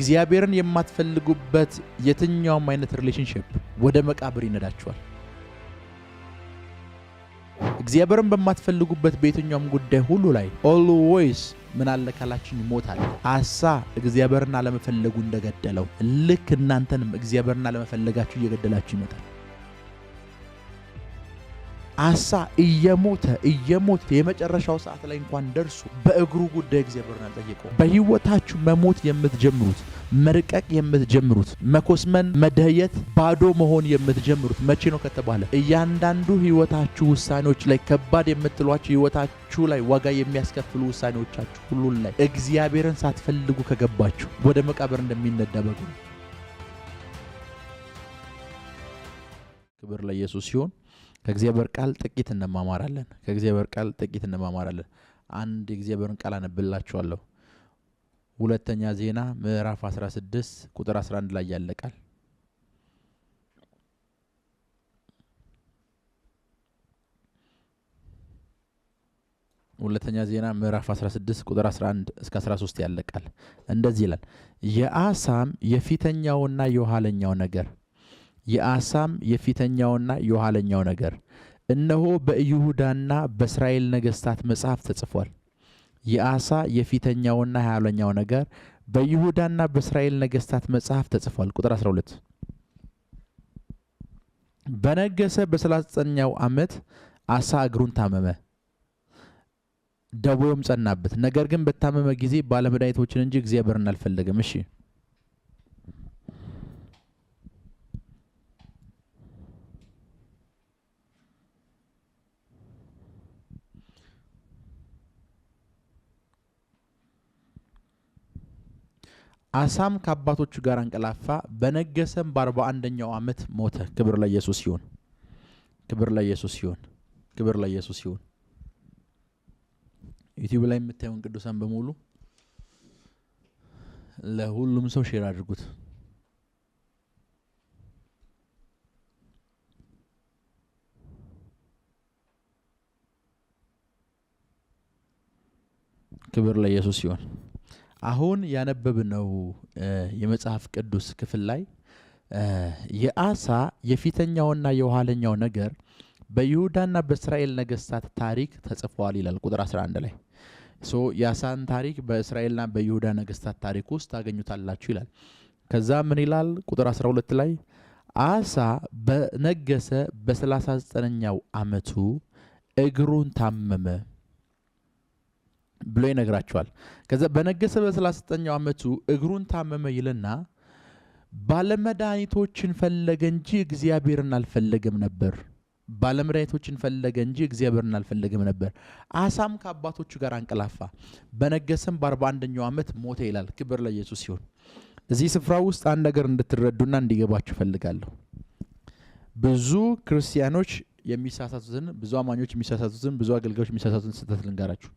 እግዚአብሔርን የማትፈልጉበት የትኛውም አይነት ሪሌሽንሽፕ ወደ መቃብር ይነዳችኋል። እግዚአብሔርን በማትፈልጉበት በየትኛውም ጉዳይ ሁሉ ላይ ኦልዌይስ ምን አለ ካላችን ይሞታል። አሳ እግዚአብሔርን አለመፈለጉ እንደገደለው ልክ እናንተንም እግዚአብሔርን አለመፈለጋችሁ እየገደላችሁ ይመጣል። አሳ እየሞተ እየሞተ የመጨረሻው ሰዓት ላይ እንኳን ደርሶ በእግሩ ጉዳይ እግዚአብሔርን አልጠየቀውም። በህይወታችሁ መሞት የምትጀምሩት መርቀቅ የምትጀምሩት መኮስመን፣ መደየት፣ ባዶ መሆን የምትጀምሩት መቼ ነው ከተባለ እያንዳንዱ ህይወታችሁ ውሳኔዎች ላይ ከባድ የምትሏቸው ህይወታችሁ ላይ ዋጋ የሚያስከፍሉ ውሳኔዎቻችሁ ሁሉን ላይ እግዚአብሔርን ሳትፈልጉ ከገባችሁ ወደ መቃብር እንደሚነዳ በግ ክብር ለኢየሱስ ሲሆን ከእግዚአብሔር ቃል ጥቂት እንማማራለን። ከእግዚአብሔር ቃል ጥቂት እንማማራለን። አንድ እግዚአብሔርን ቃል አነብላችኋለሁ። ሁለተኛ ዜና ምዕራፍ 16 ቁጥር 11 ላይ ያለቃል ሁለተኛ ዜና ምዕራፍ 16 ቁጥር 11 እስከ 13 ያለቃል እንደዚህ ይላል። የአሳም የፊተኛውና የኋለኛው ነገር የአሳም የፊተኛውና የኋለኛው ነገር እነሆ በይሁዳና በእስራኤል ነገሥታት መጽሐፍ ተጽፏል። የአሳ የፊተኛውና የኋለኛው ነገር በይሁዳና በእስራኤል ነገሥታት መጽሐፍ ተጽፏል። ቁጥር 12 በነገሰ በ39ኛው ዓመት አሳ እግሩን ታመመ፣ ደዌውም ጸናበት። ነገር ግን በታመመ ጊዜ ባለመድኃኒቶችን እንጂ እግዚአብሔርን አልፈለገም። እሺ አሳም ከአባቶቹ ጋር አንቀላፋ፣ በነገሰም በአርባ አንደኛው ዓመት ሞተ። ክብር ለኢየሱስ ይሁን፣ ክብር ለኢየሱስ ይሁን፣ ክብር ለኢየሱስ ይሁን። ዩቲዩብ ላይ የምታየውን ቅዱሳን በሙሉ ለሁሉም ሰው ሼር አድርጉት። ክብር ለኢየሱስ ይሁን። አሁን ያነበብነው የመጽሐፍ ቅዱስ ክፍል ላይ የአሳ የፊተኛውና የኋለኛው ነገር በይሁዳና በእስራኤል ነገስታት ታሪክ ተጽፏል ይላል ቁጥር 11 ላይ። ሶ የአሳን ታሪክ በእስራኤልና በይሁዳ ነገስታት ታሪክ ውስጥ ታገኙታላችሁ ይላል። ከዛ ምን ይላል ቁጥር 12 ላይ አሳ በነገሰ በ39ኛው ዓመቱ እግሩን ታመመ ብሎ ይነግራቸዋል። ከዛ በነገሰ በ39ኛው ዓመቱ እግሩን ታመመ ይልና ባለመድኃኒቶችን ፈለገ እንጂ እግዚአብሔርን አልፈለገም ነበር። ባለመድኃኒቶችን ፈለገ እንጂ እግዚአብሔርን አልፈለገም ነበር። አሳም ከአባቶቹ ጋር አንቀላፋ። በነገሰም በ41ኛው ዓመት ሞተ ይላል። ክብር ለኢየሱስ ሲሆን እዚህ ስፍራ ውስጥ አንድ ነገር እንድትረዱና እንዲገባችሁ ፈልጋለሁ። ብዙ ክርስቲያኖች የሚሳሳቱትን፣ ብዙ አማኞች የሚሳሳቱትን፣ ብዙ አገልጋዮች የሚሳሳቱትን ስህተት ልንገራችሁ።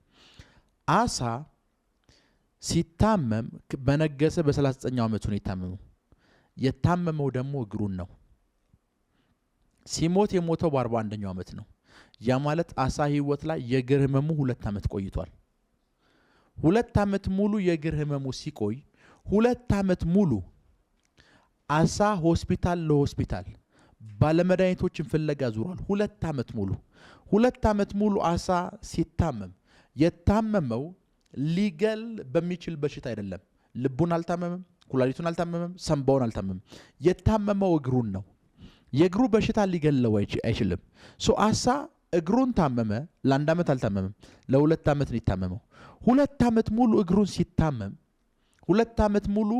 አሳ ሲታመም በነገሰ በ39ኛው ዓመቱ ነው የታመመው። የታመመው ደግሞ እግሩን ነው። ሲሞት የሞተው በ41ኛው ዓመት ነው። ያ ማለት አሳ ህይወት ላይ የእግር ህመሙ ሁለት ዓመት ቆይቷል። ሁለት ዓመት ሙሉ የእግር ህመሙ ሲቆይ ሁለት ዓመት ሙሉ አሳ ሆስፒታል ለሆስፒታል ባለመድኃኒቶችን ፍለጋ ዙሯል። ሁለት ዓመት ሙሉ ሁለት ዓመት ሙሉ አሳ ሲታመም የታመመው ሊገል በሚችል በሽታ አይደለም። ልቡን አልታመመም፣ ኩላሊቱን አልታመመም፣ ሰንባውን አልታመመም። የታመመው እግሩን ነው። የእግሩ በሽታ ሊገለው አይችልም። ሶ አሳ እግሩን ታመመ። ለአንድ ዓመት አልታመመም፣ ለሁለት ዓመት ነው የታመመው። ሁለት ዓመት ሙሉ እግሩን ሲታመም፣ ሁለት ዓመት ሙሉ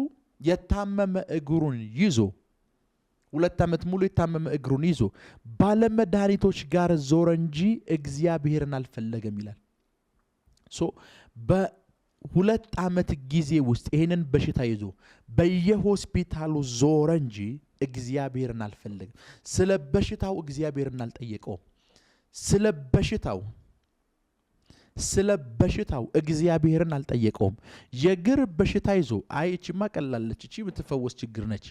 የታመመ እግሩን ይዞ ሁለት ዓመት ሙሉ የታመመ እግሩን ይዞ ባለመድኃኒቶች ጋር ዞረ እንጂ እግዚአብሔርን አልፈለገም ይላል። ሶ በሁለት ዓመት ጊዜ ውስጥ ይሄንን በሽታ ይዞ በየሆስፒታሉ ዞረ እንጂ እግዚአብሔርን አልፈልግም። ስለ በሽታው እግዚአብሔርን አልጠየቀውም። ስለ በሽታው ስለ በሽታው እግዚአብሔርን አልጠየቀውም። የእግር በሽታ ይዞ አይ እችማ ቀላለች፣ እቺ የምትፈወስ ችግር ነች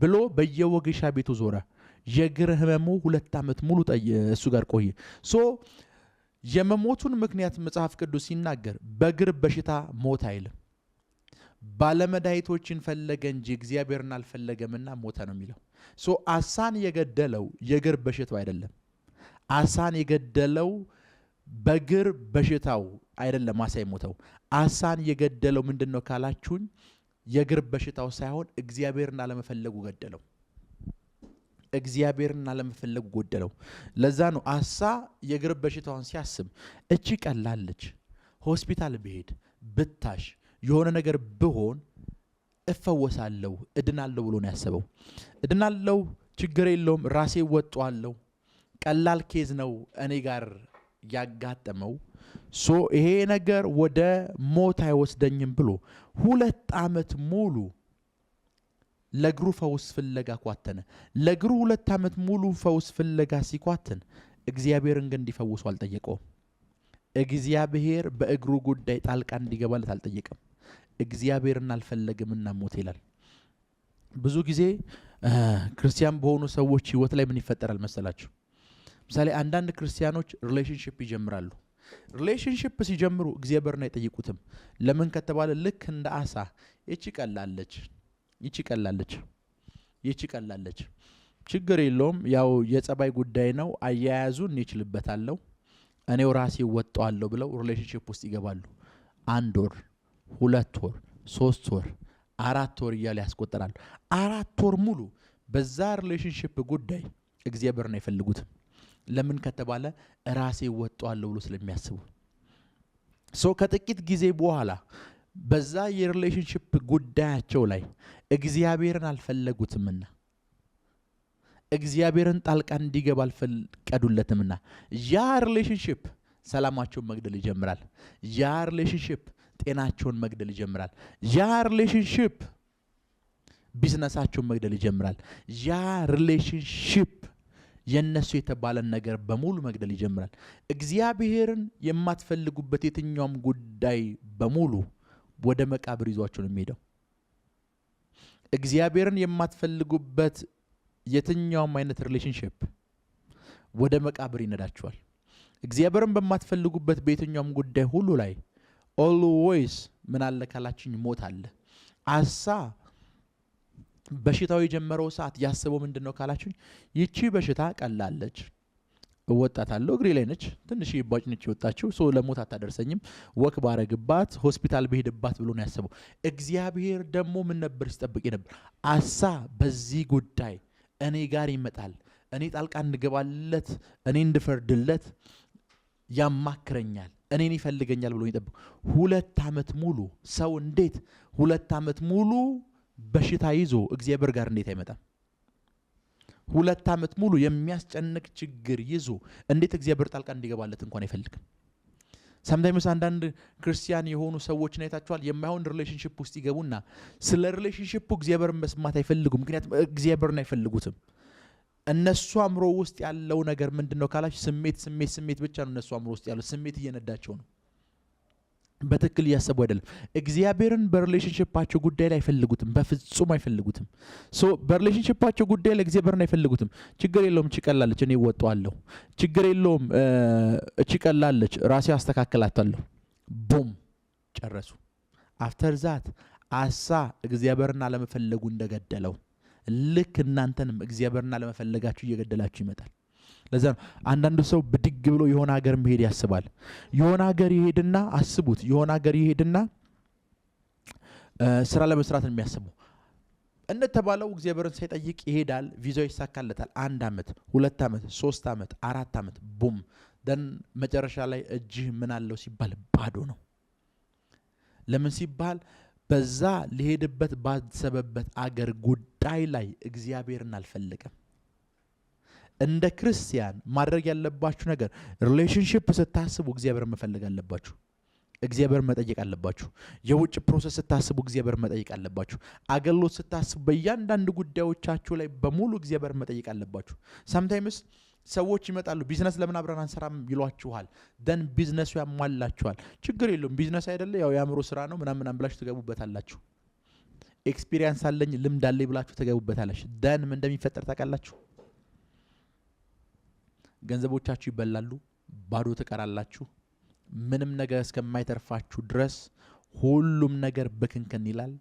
ብሎ በየወገሻ ቤቱ ዞረ። የእግር ህመሙ ሁለት ዓመት ሙሉ እሱ ጋር ቆየ ሶ የመሞቱን ምክንያት መጽሐፍ ቅዱስ ሲናገር በእግር በሽታ ሞት አይልም። ባለመድኃኒቶችን ፈለገ እንጂ እግዚአብሔርን አልፈለገምና ሞተ ነው የሚለው። ሶ አሳን የገደለው የእግር በሽታው አይደለም። አሳን የገደለው በእግር በሽታው አይደለም። አሳ የሞተው አሳን የገደለው ምንድን ነው ካላችሁኝ፣ የእግር በሽታው ሳይሆን እግዚአብሔርን አለመፈለጉ ገደለው። እግዚአብሔርን አለመፈለግ ጎደለው። ለዛ ነው አሳ የእግር በሽታዋን ሲያስብ እቺ ቀላለች፣ ሆስፒታል ብሄድ፣ ብታሽ፣ የሆነ ነገር ብሆን እፈወሳለሁ፣ እድናለሁ ብሎ ነው ያሰበው። እድናለሁ፣ ችግር የለውም፣ ራሴ ወጧለሁ። ቀላል ኬዝ ነው እኔ ጋር ያጋጠመው ሶ ይሄ ነገር ወደ ሞት አይወስደኝም ብሎ ሁለት ዓመት ሙሉ ለእግሩ ፈውስ ፍለጋ ኳተነ። ለእግሩ ሁለት ዓመት ሙሉ ፈውስ ፍለጋ ሲኳትን እግዚአብሔርን ግን እንዲፈውሱ አልጠየቀውም። እግዚአብሔር በእግሩ ጉዳይ ጣልቃ እንዲገባለት አልጠየቀም። እግዚአብሔርን አልፈለግምና ሞት ይላል። ብዙ ጊዜ ክርስቲያን በሆኑ ሰዎች ህይወት ላይ ምን ይፈጠራል መሰላችሁ? ምሳሌ አንዳንድ ክርስቲያኖች ሪሌሽንሽፕ ይጀምራሉ። ሪሌሽንሽፕ ሲጀምሩ እግዚአብሔርን አይጠይቁትም። ለምን ከተባለ ልክ እንደ አሳ ይቺ ቀላለች ይቺ ቀላለች፣ ይቺ ቀላለች። ችግር የለውም። ያው የጸባይ ጉዳይ ነው። አያያዙን ይችልበታለሁ፣ እኔው ራሴ እወጣዋለሁ ብለው ሪሌሽንሽፕ ውስጥ ይገባሉ። አንድ ወር፣ ሁለት ወር፣ ሶስት ወር፣ አራት ወር እያለ ያስቆጠራሉ። አራት ወር ሙሉ በዛ ሪሌሽንሽፕ ጉዳይ ነው የፈልጉት። ለምን ከተባለ ራሴ እወጣዋለሁ ብሎ ስለሚያስቡ ሰው ከጥቂት ጊዜ በኋላ በዛ የሪሌሽንሽፕ ጉዳያቸው ላይ እግዚአብሔርን አልፈለጉትምና እግዚአብሔርን ጣልቃ እንዲገባ አልፈቀዱለትምና ያ ሪሌሽንሽፕ ሰላማቸውን መግደል ይጀምራል። ያ ሪሌሽንሽፕ ጤናቸውን መግደል ይጀምራል። ያ ሪሌሽንሽፕ ቢዝነሳቸውን መግደል ይጀምራል። ያ ሪሌሽንሽፕ የእነሱ የተባለን ነገር በሙሉ መግደል ይጀምራል። እግዚአብሔርን የማትፈልጉበት የትኛውም ጉዳይ በሙሉ ወደ መቃብር ይዟቸው ነው የሚሄደው። እግዚአብሔርን የማትፈልጉበት የትኛውም አይነት ሪሌሽንሽፕ ወደ መቃብር ይነዳችኋል። እግዚአብሔርን በማትፈልጉበት በየትኛውም ጉዳይ ሁሉ ላይ ኦልዌይስ ምን አለ ካላችኝ ሞት አለ። አሳ በሽታው የጀመረው ሰዓት ያስበው ምንድን ነው ካላችሁኝ፣ ይቺ በሽታ ቀላለች እወጣታለሁ። እግሬ ላይ ነች፣ ትንሽ ባጭ ነች የወጣችው። ሶ ለሞት አታደርሰኝም። ወክ ባረግባት፣ ሆስፒታል በሄድባት ብሎ ነው ያሰበው። እግዚአብሔር ደግሞ ምን ነበር ሲጠብቅ ነበር? አሳ በዚህ ጉዳይ እኔ ጋር ይመጣል፣ እኔ ጣልቃ እንገባለት፣ እኔ እንድፈርድለት ያማክረኛል እኔን ይፈልገኛል ብሎ ይጠብቅ። ሁለት ዓመት ሙሉ ሰው እንዴት ሁለት ዓመት ሙሉ በሽታ ይዞ እግዚአብሔር ጋር እንዴት አይመጣም? ሁለት ዓመት ሙሉ የሚያስጨንቅ ችግር ይዞ እንዴት እግዚአብሔር ጣልቃ እንዲገባለት እንኳን አይፈልግም። ሳምታይምስ አንዳንድ ክርስቲያን የሆኑ ሰዎች አይታችኋል። የማይሆን ሪሌሽንሽፕ ውስጥ ይገቡና ስለ ሪሌሽንሽፑ እግዚአብሔርን መስማት አይፈልጉም። ምክንያቱም እግዚአብሔርን አይፈልጉትም። እነሱ አእምሮ ውስጥ ያለው ነገር ምንድን ነው ካላች፣ ስሜት ስሜት ስሜት ብቻ ነው። እነሱ አእምሮ ውስጥ ያለው ስሜት እየነዳቸው ነው። በትክክል እያሰቡ አይደለም። እግዚአብሔርን በሪሌሽንሽፓቸው ጉዳይ ላይ አይፈልጉትም፣ በፍጹም አይፈልጉትም። ሶ በሪሌሽንሽፓቸው ጉዳይ ላይ እግዚአብሔርን አይፈልጉትም። ችግር የለውም፣ እቺ ቀላለች፣ እኔ እወጣዋለሁ። ችግር የለውም፣ እቺ ቀላለች፣ ራሴ አስተካክላታለሁ። ቡም ጨረሱ። አፍተር ዛት አሳ እግዚአብሔርን አለመፈለጉ እንደገደለው ልክ እናንተንም እግዚአብሔርን አለመፈለጋችሁ እየገደላችሁ ይመጣል። ለዛ ነው አንዳንዱ ሰው ብድግ ብሎ የሆነ ሀገር መሄድ ያስባል። የሆነ ሀገር ይሄድና አስቡት፣ የሆነ ሀገር ይሄድና ስራ ለመስራት ነው የሚያስበው። እንደተባለው እግዚአብሔርን ሳይጠይቅ ይሄዳል። ቪዛው ይሳካለታል። አንድ ዓመት፣ ሁለት ዓመት፣ ሶስት ዓመት፣ አራት ዓመት ቡም ደን መጨረሻ ላይ እጅህ ምን አለው ሲባል ባዶ ነው። ለምን ሲባል በዛ ሊሄድበት ባሰበበት አገር ጉዳይ ላይ እግዚአብሔርን አልፈለገም። እንደ ክርስቲያን ማድረግ ያለባችሁ ነገር ሪሌሽንሽፕ ስታስቡ እግዚአብሔር መፈለግ አለባችሁ። እግዚአብሔር መጠየቅ አለባችሁ። የውጭ ፕሮሰስ ስታስቡ እግዚአብሔር መጠየቅ አለባችሁ። አገልግሎት ስታስቡ በእያንዳንድ ጉዳዮቻችሁ ላይ በሙሉ እግዚአብሔር መጠየቅ አለባችሁ። ሳምታይምስ ሰዎች ይመጣሉ። ቢዝነስ ለምን አብረን አንሰራም ይሏችኋል። ደን ቢዝነሱ ያሟላችኋል። ችግር የለውም ቢዝነስ አይደለ ያው የአእምሮ ስራ ነው ምናምን ምናምን ብላችሁ ትገቡበታላችሁ። ኤክስፒሪየንስ አለኝ ልምድ አለኝ ብላችሁ ትገቡበታላችሁ። ደን ምን እንደሚፈጠር ታውቃላችሁ። ገንዘቦቻችሁ ይበላሉ፣ ባዶ ትቀራላችሁ። ምንም ነገር እስከማይተርፋችሁ ድረስ ሁሉም ነገር ብክንክን ይላል።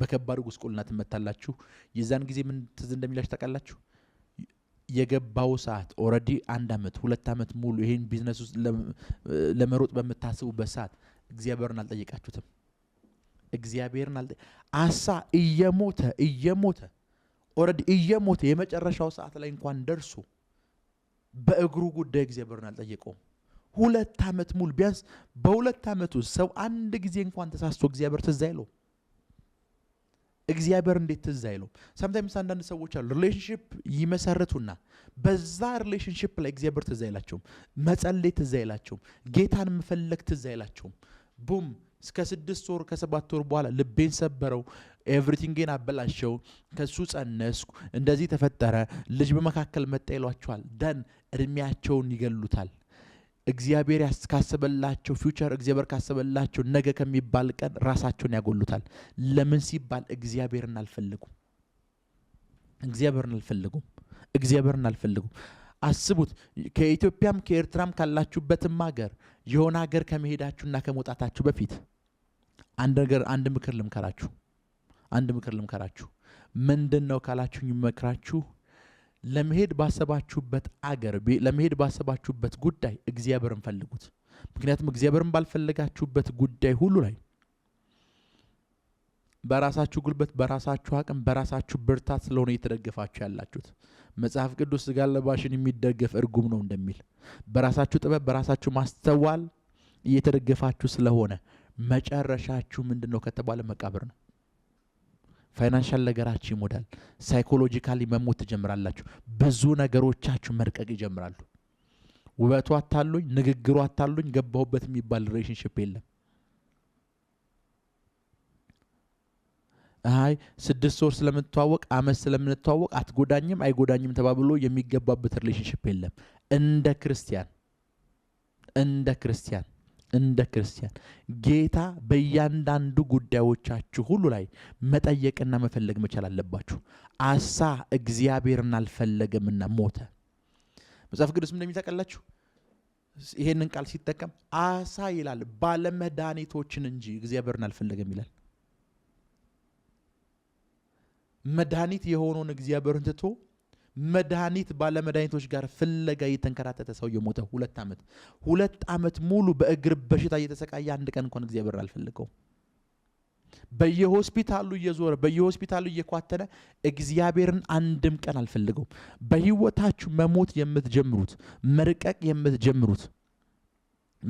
በከባድ ጉስቁልና ትመታላችሁ። የዛን ጊዜ ምን ትዝ እንደሚላችሁ ታውቃላችሁ? የገባው ሰዓት ኦልሬዲ አንድ አመት ሁለት አመት ሙሉ ይህን ቢዝነስ ውስጥ ለመሮጥ በምታስቡበት ሰዓት እግዚአብሔርን አልጠየቃችሁትም። እግዚአብሔርን አል አሳ እየሞተ እየሞተ ኦልሬዲ እየሞተ የመጨረሻው ሰዓት ላይ እንኳን ደርሶ በእግሩ ጉዳይ እግዚአብሔርን አልጠየቀውም። ሁለት ዓመት ሙሉ ቢያንስ በሁለት ዓመት ውስጥ ሰው አንድ ጊዜ እንኳን ተሳስቶ እግዚአብሔር ትዝ አይለው። እግዚአብሔር እንዴት ትዝ አይለው? ሰምታይምስ አንዳንድ ሰዎች አሉ ሪሌሽንሽፕ ይመሰረቱና በዛ ሪሌሽንሽፕ ላይ እግዚአብሔር ትዝ አይላቸውም። መጸለይ ትዝ አይላቸውም። ጌታን መፈለግ ትዝ አይላቸውም። ቡም እስከ ስድስት ወር ከሰባት ወር በኋላ ልቤን ሰበረው፣ ኤቭሪቲንግን አበላሸው፣ ከሱ ጸነስኩ፣ እንደዚህ ተፈጠረ፣ ልጅ በመካከል መጣ ይሏቸዋል። ደን እድሜያቸውን ይገሉታል። እግዚአብሔር ካሰበላቸው ፊውቸር እግዚአብሔር ካሰበላቸው ነገ ከሚባል ቀን ራሳቸውን ያጎሉታል። ለምን ሲባል እግዚአብሔርን አልፈልጉም፣ እግዚአብሔርን አልፈልጉም፣ እግዚአብሔርን አልፈልጉም። አስቡት ከኢትዮጵያም ከኤርትራም ካላችሁበትም ሀገር የሆነ ሀገር ከመሄዳችሁና ከመውጣታችሁ በፊት አንድ ነገር አንድ ምክር ልምከራችሁ አንድ ምክር ልምከራችሁ ምንድን ነው ካላችሁ ይመክራችሁ ለመሄድ ባሰባችሁበት አገር ለመሄድ ባሰባችሁበት ጉዳይ እግዚአብሔርን ፈልጉት። ምክንያቱም እግዚአብሔርን ባልፈለጋችሁበት ጉዳይ ሁሉ ላይ በራሳችሁ ጉልበት፣ በራሳችሁ አቅም፣ በራሳችሁ ብርታት ስለሆነ እየተደገፋችሁ ያላችሁት መጽሐፍ ቅዱስ ስጋ ለባሽን የሚደገፍ እርጉም ነው እንደሚል በራሳችሁ ጥበብ፣ በራሳችሁ ማስተዋል እየተደገፋችሁ ስለሆነ መጨረሻችሁ ምንድን ነው ከተባለ መቃብር ነው። ፋይናንሻል ነገራችሁ ይሞዳል። ሳይኮሎጂካሊ መሞት ትጀምራላችሁ። ብዙ ነገሮቻችሁ መርቀቅ ይጀምራሉ። ውበቱ አታሉኝ፣ ንግግሩ አታሉኝ፣ ገባሁበት የሚባል ሪሌሽንሽፕ የለም። አይ ስድስት ወር ስለምንተዋወቅ አመት ስለምንተዋወቅ አትጎዳኝም አይጎዳኝም ተባብሎ የሚገባበት ሪሌሽንሽፕ የለም። እንደ ክርስቲያን እንደ ክርስቲያን እንደ ክርስቲያን ጌታ በእያንዳንዱ ጉዳዮቻችሁ ሁሉ ላይ መጠየቅና መፈለግ መቻል አለባችሁ። አሳ እግዚአብሔርን አልፈለገምና ሞተ። መጽሐፍ ቅዱስ ምን እንደሚታቀላችሁ ይሄንን ቃል ሲጠቀም አሳ ይላል፣ ባለመድኃኒቶችን እንጂ እግዚአብሔርን አልፈለገም ይላል። መድኃኒት የሆነውን እግዚአብሔርን ትቶ መድኃኒት ባለመድኃኒቶች ጋር ፍለጋ እየተንከራተተ ሰው የሞተ ሁለት ዓመት ሁለት ዓመት ሙሉ በእግር በሽታ እየተሰቃየ አንድ ቀን እንኳን እግዚአብሔር አልፈልገው በየሆስፒታሉ እየዞረ በየሆስፒታሉ እየኳተነ እግዚአብሔርን አንድም ቀን አልፈልገውም። በህይወታችሁ መሞት የምትጀምሩት መርቀቅ የምትጀምሩት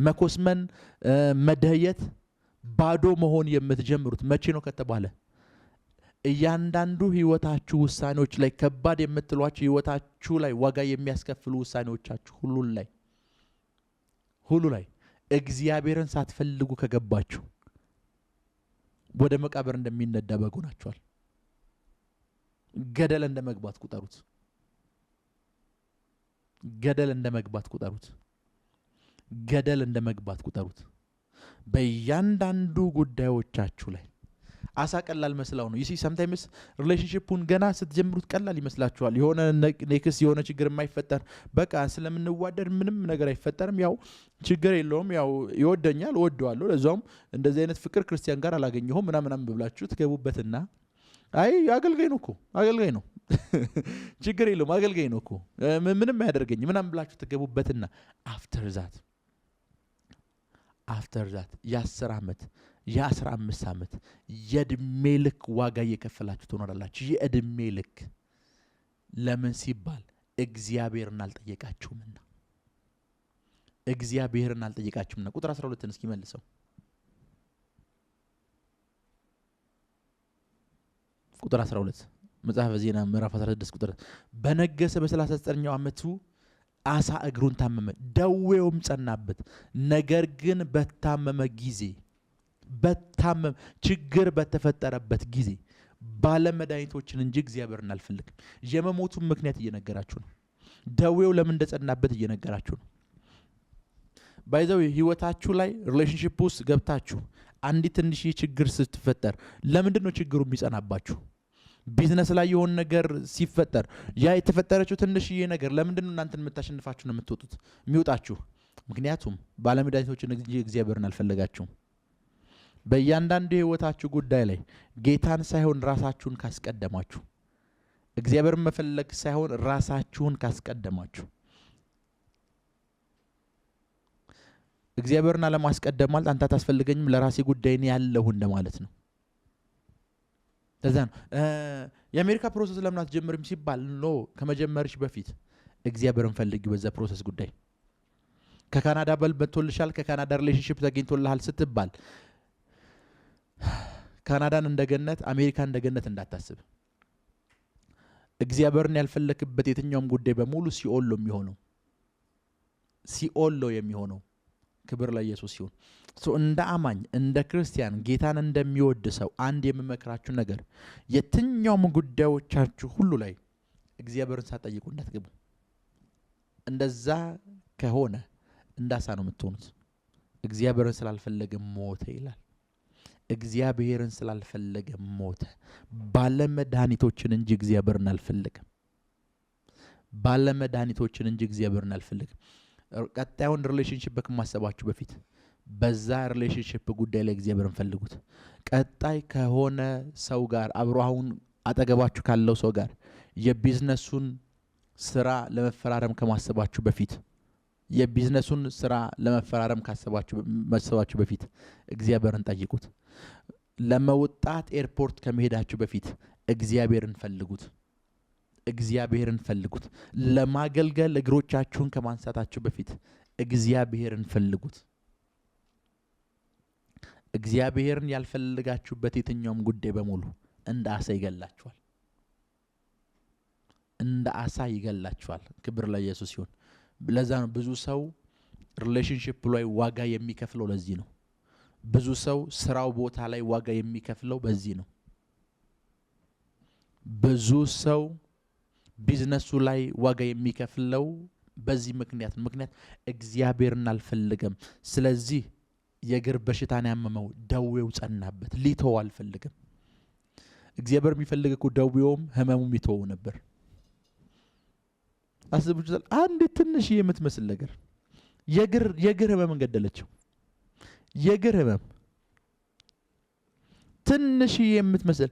መኮስመን፣ መደየት፣ ባዶ መሆን የምትጀምሩት መቼ ነው ከተባለ እያንዳንዱ ህይወታችሁ ውሳኔዎች ላይ ከባድ የምትሏቸው ህይወታችሁ ላይ ዋጋ የሚያስከፍሉ ውሳኔዎቻችሁ ሁሉ ላይ ሁሉ ላይ እግዚአብሔርን ሳትፈልጉ ከገባችሁ ወደ መቃብር እንደሚነዳ በግ ሆናችኋል። ገደል እንደ መግባት ቁጠሩት። ገደል እንደ መግባት ቁጠሩት። ገደል እንደ መግባት ቁጠሩት። በእያንዳንዱ ጉዳዮቻችሁ ላይ አሳ ቀላል መስላው ነው ዩሲ ሰምታይምስ ሪሌሽንሽፑን ገና ስትጀምሩት ቀላል ይመስላችኋል። የሆነ ኔክስ የሆነ ችግር የማይፈጠር በቃ ስለምንዋደድ ምንም ነገር አይፈጠርም፣ ያው ችግር የለውም፣ ያው ይወደኛል፣ እወደዋለሁ፣ ለዛውም እንደዚህ አይነት ፍቅር ክርስቲያን ጋር አላገኘሁም ምናምናም ብላችሁ ትገቡበትና አይ አገልጋይ ነው እኮ አገልጋይ ነው፣ ችግር የለውም፣ አገልጋይ ነው እኮ ምንም አያደርገኝ ምናምን ብላችሁ ትገቡበትና አፍተር ዛት አፍተር ዛት የአስር ዓመት የአስራ አምስት ዓመት የእድሜ ልክ ዋጋ እየከፈላችሁ ትኖራላችሁ። የእድሜ ልክ ለምን ሲባል እግዚአብሔርን አልጠየቃችሁምና እግዚአብሔርን አልጠየቃችሁምና። ቁጥር 12 ሁለትን እስኪ መልሰው። ቁጥር 12 መጽሐፈ ዜና ምዕራፍ 16 ቁጥር በነገሰ በሰላሳ 39 ኛው ዓመቱ አሳ እግሩን ታመመ፣ ደዌውም ጸናበት። ነገር ግን በታመመ ጊዜ በታመም ችግር በተፈጠረበት ጊዜ ባለመድኃኒቶችን እንጂ እግዚአብሔርን አልፈልግም። የመሞቱን ምክንያት እየነገራችሁ ነው። ደዌው ለምን እንደጸናበት እየነገራችሁ ነው። ባይዘው ህይወታችሁ ላይ ሪሌሽንሽፕ ውስጥ ገብታችሁ አንዲት ትንሽ ችግር ስትፈጠር ለምንድን ነው ችግሩ የሚጸናባችሁ? ቢዝነስ ላይ የሆነ ነገር ሲፈጠር ያ የተፈጠረችው ትንሽዬ ነገር ለምንድን ነው እናንተን የምታሸንፋችሁ ነው የምትወጡት የሚወጣችሁ? ምክንያቱም ባለመድኃኒቶችን እንጂ እግዚአብሔርን አልፈለጋችሁም። በእያንዳንዱ የህይወታችሁ ጉዳይ ላይ ጌታን ሳይሆን ራሳችሁን ካስቀደማችሁ እግዚአብሔር መፈለግ ሳይሆን ራሳችሁን ካስቀደማችሁ እግዚአብሔርን አለማስቀደም ማለት አንተ አታስፈልገኝም ለራሴ ጉዳይ ያለሁ እንደማለት ነው። ለዛ ነው የአሜሪካ ፕሮሰስ ለምን አትጀምርም ሲባል ኖ ከመጀመርሽ በፊት እግዚአብሔርን ፈልጊ። በዛ ፕሮሰስ ጉዳይ ከካናዳ በል መጥቶልሻል፣ ከካናዳ ሪሌሽንሽፕ ተገኝቶልሃል ስትባል ካናዳን እንደ ገነት፣ አሜሪካን እንደ ገነት እንዳታስብ። እግዚአብሔርን ያልፈለክበት የትኛውም ጉዳይ በሙሉ ሲኦሎ የሚሆነው። ሲኦሎ የሚሆነው። ክብር ለኢየሱስ ሲሆን፣ እንደ አማኝ እንደ ክርስቲያን ጌታን እንደሚወድ ሰው አንድ የምመክራችሁ ነገር የትኛውም ጉዳዮቻችሁ ሁሉ ላይ እግዚአብሔርን ሳትጠይቁ እንዳትገቡ። እንደዛ ከሆነ እንዳሳ ነው የምትሆኑት። እግዚአብሔርን ስላልፈለገ ሞተ ይላል። እግዚአብሔርን ስላልፈለገ ሞተ። ባለመድኃኒቶችን እንጂ እግዚአብሔርን አልፈለገም። ባለመድኃኒቶችን እንጂ እግዚአብሔርን አልፈለገም። ቀጣዩን ሪሌሽንሽፕ ከማሰባችሁ በፊት በዛ ሪሌሽንሽፕ ጉዳይ ላይ እግዚአብሔርን ፈልጉት። ቀጣይ ከሆነ ሰው ጋር አብሮ አሁን አጠገባችሁ ካለው ሰው ጋር የቢዝነሱን ስራ ለመፈራረም ከማሰባችሁ በፊት የቢዝነሱን ስራ ለመፈራረም ካሰባችሁ በፊት እግዚአብሔርን ጠይቁት። ለመውጣት ኤርፖርት ከመሄዳችሁ በፊት እግዚአብሔርን ፈልጉት። እግዚአብሔርን ፈልጉት። ለማገልገል እግሮቻችሁን ከማንሳታችሁ በፊት እግዚአብሔርን ፈልጉት። እግዚአብሔርን ያልፈልጋችሁበት የትኛውም ጉዳይ በሙሉ እንደ አሳ ይገላችኋል። እንደ አሳ ይገላችኋል። ክብር ለኢየሱስ ይሁን። ለዛ ነው ብዙ ሰው ሪሌሽንሽፕ ላይ ዋጋ የሚከፍለው ለዚህ ነው። ብዙ ሰው ስራው ቦታ ላይ ዋጋ የሚከፍለው በዚህ ነው። ብዙ ሰው ቢዝነሱ ላይ ዋጋ የሚከፍለው በዚህ ምክንያት ምክንያት እግዚአብሔርን አልፈልገም። ስለዚህ የእግር በሽታን ያመመው ደዌው ጸናበት፣ ሊተው አልፈልግም። እግዚአብሔር የሚፈልግ እኮ ደዌውም ህመሙም ይተወው ነበር። አስቡታል። አንድ ትንሽ የምትመስል ነገር የግር የግር ህመም ገደለችው። የግር ህመም ትንሽ የምትመስል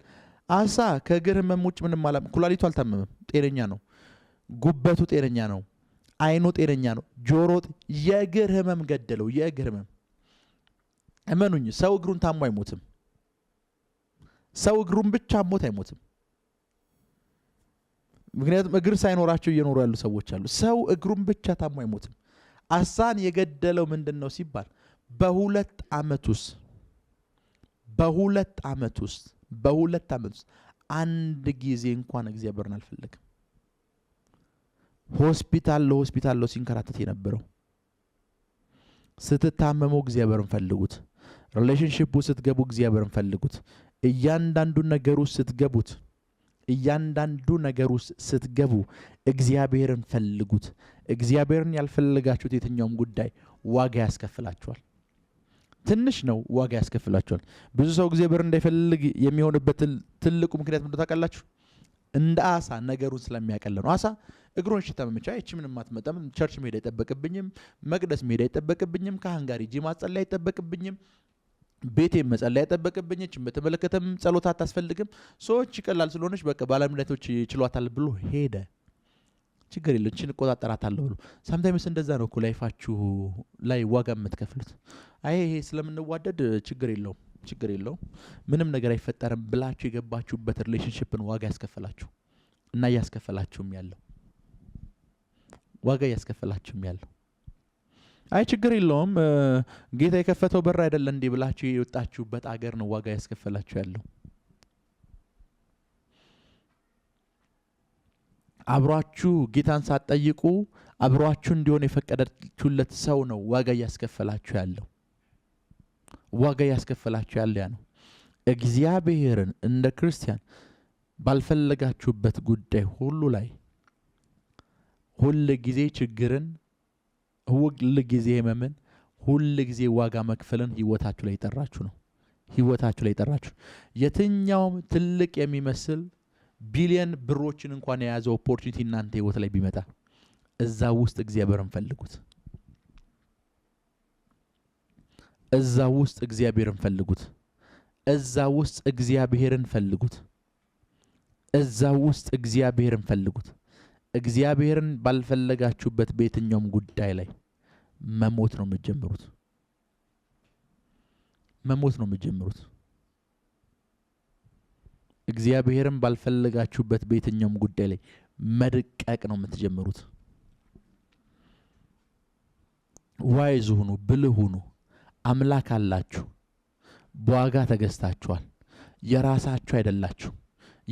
አሳ ከእግር ህመም ውጭ ምንም አላ ኩላሊቱ አልታመመም፣ ጤነኛ ነው። ጉበቱ ጤነኛ ነው። አይኑ ጤነኛ ነው። ጆሮ የእግር ህመም ገደለው። የእግር ህመም እመኑኝ፣ ሰው እግሩን ታሞ አይሞትም። ሰው እግሩን ብቻ ሞት አይሞትም። ምክንያቱም እግር ሳይኖራቸው እየኖሩ ያሉ ሰዎች አሉ። ሰው እግሩን ብቻ ታሞ አይሞትም። አሳን የገደለው ምንድን ነው ሲባል በሁለት ዓመት ውስጥ በሁለት ዓመት ውስጥ በሁለት ዓመት ውስጥ አንድ ጊዜ እንኳን እግዚአብሔርን አልፈለግም። ሆስፒታል ለሆስፒታል ለው ሲንከራተት የነበረው ስትታመሙ እግዚአብሔርን ፈልጉት። ሪሌሽንሽፕ ስትገቡ እግዚአብሔርን ፈልጉት። እያንዳንዱን ነገር ውስጥ ስትገቡት እያንዳንዱ ነገር ውስጥ ስትገቡ እግዚአብሔርን ፈልጉት። እግዚአብሔርን ያልፈለጋችሁት የትኛውም ጉዳይ ዋጋ ያስከፍላችኋል። ትንሽ ነው፣ ዋጋ ያስከፍላችኋል። ብዙ ሰው እግዚአብሔር እንዳይፈልግ የሚሆንበት ትልቁ ምክንያት ምንድን ታውቃላችሁ? እንደ አሳ ነገሩን ስለሚያቀለ ነው። አሳ እግሮን ሽታ መመቻ ይቺ ምንም አትመጣም፣ ቸርች መሄድ አይጠበቅብኝም፣ መቅደስ መሄድ አይጠበቅብኝም፣ ካህን ጋር ሂጂ ማጸለይ አይጠበቅብኝም፣ ቤቴ መጸለይ አይጠበቅብኝች በተመለከተም ጸሎት አታስፈልግም። ሰዎች ቀላል ስለሆነች በቃ ባለምነቶች ችሏታል ብሎ ሄደ። ችግር የለም ችን እቆጣጠራታለሁ ብሎ ሳምታይምስ እንደዛ ነው እኮ ላይፋችሁ ላይ ዋጋ የምትከፍሉት። አይ ይሄ ስለምንዋደድ ችግር የለውም ችግር የለውም ምንም ነገር አይፈጠርም ብላችሁ የገባችሁበት ሪሌሽንሽፕን ዋጋ ያስከፈላችሁ እና እያስከፈላችሁም ያለው ዋጋ እያስከፈላችሁም ያለው አይ ችግር የለውም ጌታ የከፈተው በር አይደለ እንዲህ ብላችሁ የወጣችሁበት አገር ነው ዋጋ ያስከፈላችሁ ያለው። አብሯችሁ ጌታን ሳትጠይቁ አብሯችሁ እንዲሆን የፈቀደችሁለት ሰው ነው ዋጋ እያስከፈላችሁ ያለው። ዋጋ እያስከፈላችሁ ያለ ያ ነው። እግዚአብሔርን እንደ ክርስቲያን ባልፈለጋችሁበት ጉዳይ ሁሉ ላይ ሁል ጊዜ ችግርን ሁል ጊዜ ህመምን፣ ሁል ጊዜ ዋጋ መክፈልን ህይወታችሁ ላይ ጠራችሁ ነው። ህይወታችሁ ላይ ጠራችሁ የትኛውም ትልቅ የሚመስል ቢሊየን ብሮችን እንኳን የያዘ ኦፖርቹኒቲ እናንተ ህይወት ላይ ቢመጣ እዛ ውስጥ እግዚአብሔርን ፈልጉት። እዛ ውስጥ እግዚአብሔርን ፈልጉት። እዛ ውስጥ እግዚአብሔርን ፈልጉት። እዛ ውስጥ እግዚአብሔርን ፈልጉት። እግዚአብሔርን ባልፈለጋችሁበት በየትኛውም ጉዳይ ላይ መሞት ነው የምትጀምሩት። መሞት ነው የምትጀምሩት። እግዚአብሔርን ባልፈለጋችሁበት በየትኛውም ጉዳይ ላይ መድቀቅ ነው የምትጀምሩት። ዋይዝ ሁኑ፣ ብልህ ሁኑ። አምላክ አላችሁ፣ በዋጋ ተገዝታችኋል። የራሳችሁ አይደላችሁ።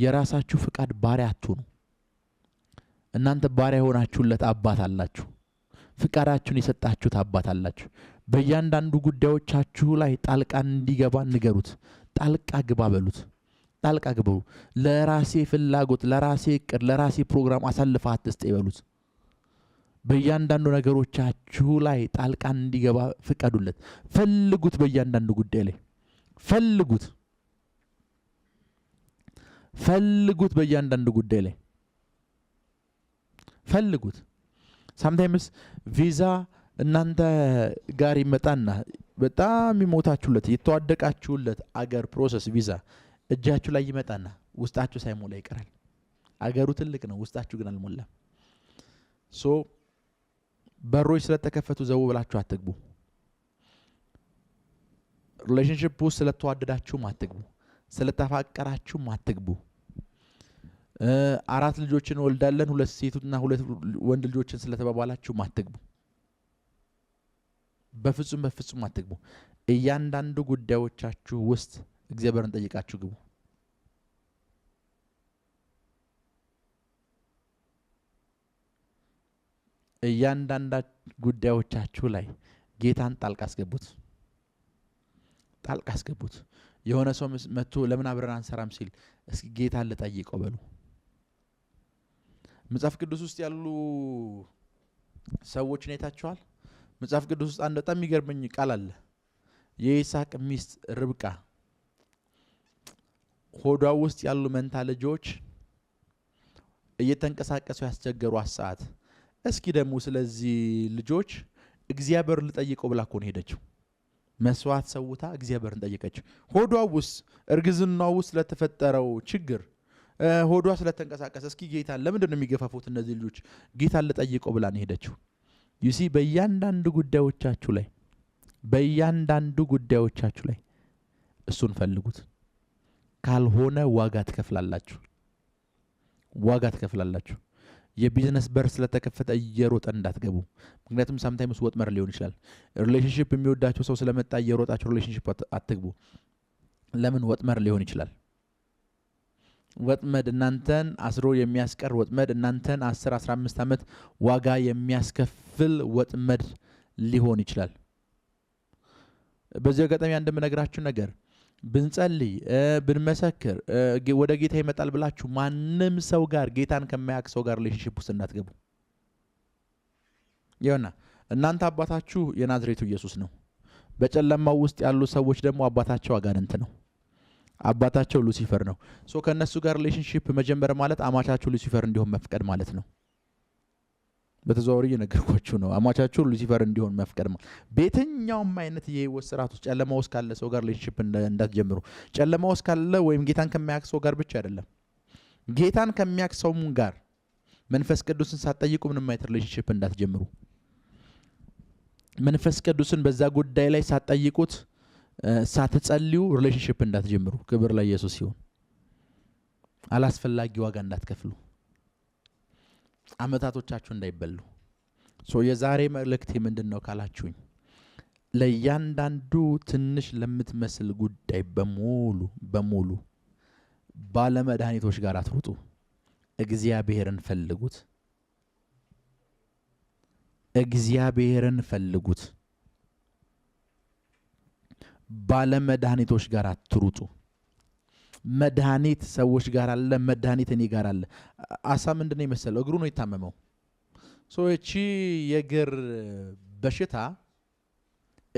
የራሳችሁ ፍቃድ ባሪያ አትሁኑ። እናንተ ባሪያ የሆናችሁለት አባት አላችሁ። ፍቃዳችሁን የሰጣችሁት አባት አላችሁ። በእያንዳንዱ ጉዳዮቻችሁ ላይ ጣልቃ እንዲገባ ንገሩት። ጣልቃ ግባ በሉት። ጣልቃ ግበሩ። ለራሴ ፍላጎት፣ ለራሴ እቅድ፣ ለራሴ ፕሮግራም አሳልፈ አትስጥ ይበሉት። በእያንዳንዱ ነገሮቻችሁ ላይ ጣልቃ እንዲገባ ፍቀዱለት። ፈልጉት። በእያንዳንዱ ጉዳይ ላይ ፈልጉት ፈልጉት በእያንዳንዱ ጉዳይ ላይ ፈልጉት። ሳምታይምስ ቪዛ እናንተ ጋር ይመጣና በጣም ይሞታችሁለት የተዋደቃችሁለት አገር ፕሮሰስ ቪዛ እጃችሁ ላይ ይመጣና ውስጣችሁ ሳይሞላ ይቀራል። አገሩ ትልቅ ነው፣ ውስጣችሁ ግን አልሞላም። ሶ በሮች ስለተከፈቱ ዘው ብላችሁ አትግቡ። ሪሌሽንሽፕ ውስጥ ስለተዋደዳችሁም አትግቡ። ስለተፋቀራችሁም አትግቡ። አራት ልጆችን እንወልዳለን ሁለት ሴቱና ሁለት ወንድ ልጆችን ስለተባባላችሁ ማትግቡ በፍጹም በፍጹም ማትግቡ እያንዳንዱ ጉዳዮቻችሁ ውስጥ እግዚአብሔርን ጠይቃችሁ ግቡ። እያንዳንዳ ጉዳዮቻችሁ ላይ ጌታን ጣልቃ አስገቡት፣ ጣልቃ አስገቡት። የሆነ ሰው መጥቶ ለምን አብረን አንሰራም ሲል እስኪ ጌታን ልጠይቀው በሉ። መጽሐፍ ቅዱስ ውስጥ ያሉ ሰዎችን አይታችኋል? መጽሐፍ ቅዱስ ውስጥ አንድ በጣም የሚገርመኝ ቃል አለ። የይስሐቅ ሚስት ርብቃ ሆዷ ውስጥ ያሉ መንታ ልጆች እየተንቀሳቀሱ ያስቸገሯት ሰዓት እስኪ ደግሞ ስለዚህ ልጆች እግዚአብሔር ልጠይቀው ብላ ኮን ሄደችው። መስዋዕት ሰውታ እግዚአብሔርን ጠየቀችው። ሆዷ ውስጥ እርግዝናዋ ውስጥ ለተፈጠረው ችግር ሆዷ ስለተንቀሳቀሰ እስኪ ጌታን ለምንድን ነው የሚገፋፉት እነዚህ ልጆች ጌታን ልጠይቀው ብላን ሄደችው። ዩሲ በእያንዳንዱ ጉዳዮቻችሁ ላይ በእያንዳንዱ ጉዳዮቻችሁ ላይ እሱን ፈልጉት፣ ካልሆነ ዋጋ ትከፍላላችሁ። ዋጋ ትከፍላላችሁ። የቢዝነስ በር ስለተከፈተ እየሮጠ እንዳትገቡ። ምክንያቱም ሳምታይምስ ወጥመር ሊሆን ይችላል። ሪሌሽንሽፕ የሚወዳቸው ሰው ስለመጣ እየሮጣቸው ሪሌሽንሽፕ አትግቡ። ለምን ወጥመር ሊሆን ይችላል። ወጥመድ እናንተን አስሮ የሚያስቀር ወጥመድ እናንተን 10 15 ዓመት ዋጋ የሚያስከፍል ወጥመድ ሊሆን ይችላል። በዚህ አጋጣሚ እንደምነግራችሁ ነገር ብንጸልይ ብንመሰክር ወደ ጌታ ይመጣል ብላችሁ ማንም ሰው ጋር ጌታን ከማያውቅ ሰው ጋር ሪሌሽንሽፕ ውስጥ እንዳትገቡ። ይሆና እናንተ አባታችሁ የናዝሬቱ ኢየሱስ ነው። በጨለማው ውስጥ ያሉ ሰዎች ደግሞ አባታቸው አጋንንት ነው። አባታቸው ሉሲፈር ነው። ሶ ከእነሱ ጋር ሪሌሽንሽፕ መጀመር ማለት አማቻቸው ሉሲፈር እንዲሆን መፍቀድ ማለት ነው። በተዘዋወሪ እየነገርኳችሁ ነው። አማቻችሁ ሉሲፈር እንዲሆን መፍቀድ ማለት በየትኛውም አይነት የህይወት ስርዓት ውስጥ ጨለማ ውስጥ ካለ ሰው ጋር ሪሌሽንሽፕ እንዳትጀምሩ። ጨለማ ውስጥ ካለ ወይም ጌታን ከማያውቅ ሰው ጋር ብቻ አይደለም፣ ጌታን ከሚያውቅ ሰውም ጋር መንፈስ ቅዱስን ሳትጠይቁ ምንም አይነት ሪሌሽንሽፕ እንዳትጀምሩ። መንፈስ ቅዱስን በዛ ጉዳይ ላይ ሳትጠይቁት ሳትጸልዩ ሪሌሽንሽፕ እንዳትጀምሩ። ክብር ኢየሱስ ሲሆን አላስፈላጊ ዋጋ እንዳትከፍሉ፣ አመታቶቻችሁ እንዳይበሉ። የዛሬ መልእክቴ ምንድን ነው ካላችሁኝ ለእያንዳንዱ ትንሽ ለምትመስል ጉዳይ በሙሉ በሙሉ ባለመድኃኒቶች ጋር አትሩጡ፣ እግዚአብሔርን ፈልጉት። እግዚአብሔርን ፈልጉት። ባለመድኃኒቶች ጋር አትሩጡ። መድኃኒት ሰዎች ጋር አለ፣ መድኃኒት እኔ ጋር አለ። አሳ ምንድን ነው የመሰለው? እግሩ ነው የታመመው። እቺ የእግር በሽታ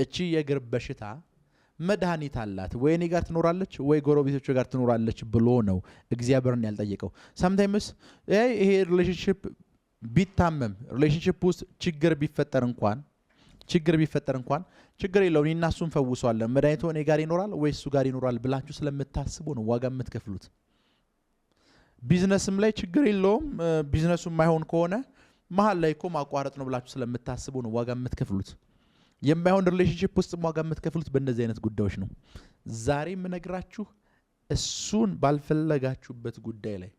እቺ የእግር በሽታ መድኃኒት አላት ወይ እኔ ጋር ትኖራለች ወይ ጎረቤቶች ጋር ትኖራለች ብሎ ነው እግዚአብሔርን ያልጠየቀው። ሳምታይምስ ይሄ ሪሌሽንሽፕ ቢታመም ሪሌሽንሽፕ ውስጥ ችግር ቢፈጠር እንኳን ችግር ቢፈጠር እንኳን ችግር የለውም እኔና እሱ እንፈውሰዋለን፣ መድኃኒቱ እኔ ጋር ይኖራል ወይ እሱ ጋር ይኖራል ብላችሁ ስለምታስቡ ነው ዋጋ የምትከፍሉት። ቢዝነስም ላይ ችግር የለውም ቢዝነሱ የማይሆን ከሆነ መሀል ላይ እኮ ማቋረጥ ነው ብላችሁ ስለምታስቡ ነው ዋጋ የምትከፍሉት። የማይሆን ሪሌሽንሽፕ ውስጥ ዋጋ የምትከፍሉት በእነዚህ አይነት ጉዳዮች ነው። ዛሬ የምነግራችሁ እሱን ባልፈለጋችሁበት ጉዳይ ላይ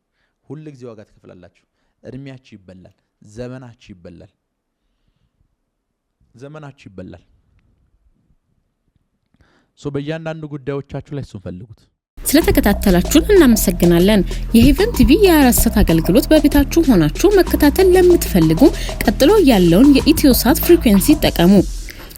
ሁል ጊዜ ዋጋ ትከፍላላችሁ። እድሜያችሁ ይበላል፣ ዘመናችሁ ይበላል። ዘመናችሁ ይበላል። በእያንዳንዱ ጉዳዮቻችሁ ላይ እሱን ፈልጉት። ስለተከታተላችሁን እናመሰግናለን። የሄቨን ቲቪ የአራት ሰዓት አገልግሎት በቤታችሁ ሆናችሁ መከታተል ለምትፈልጉ ቀጥሎ ያለውን የኢትዮ ሳት ፍሪኩዌንሲ ይጠቀሙ።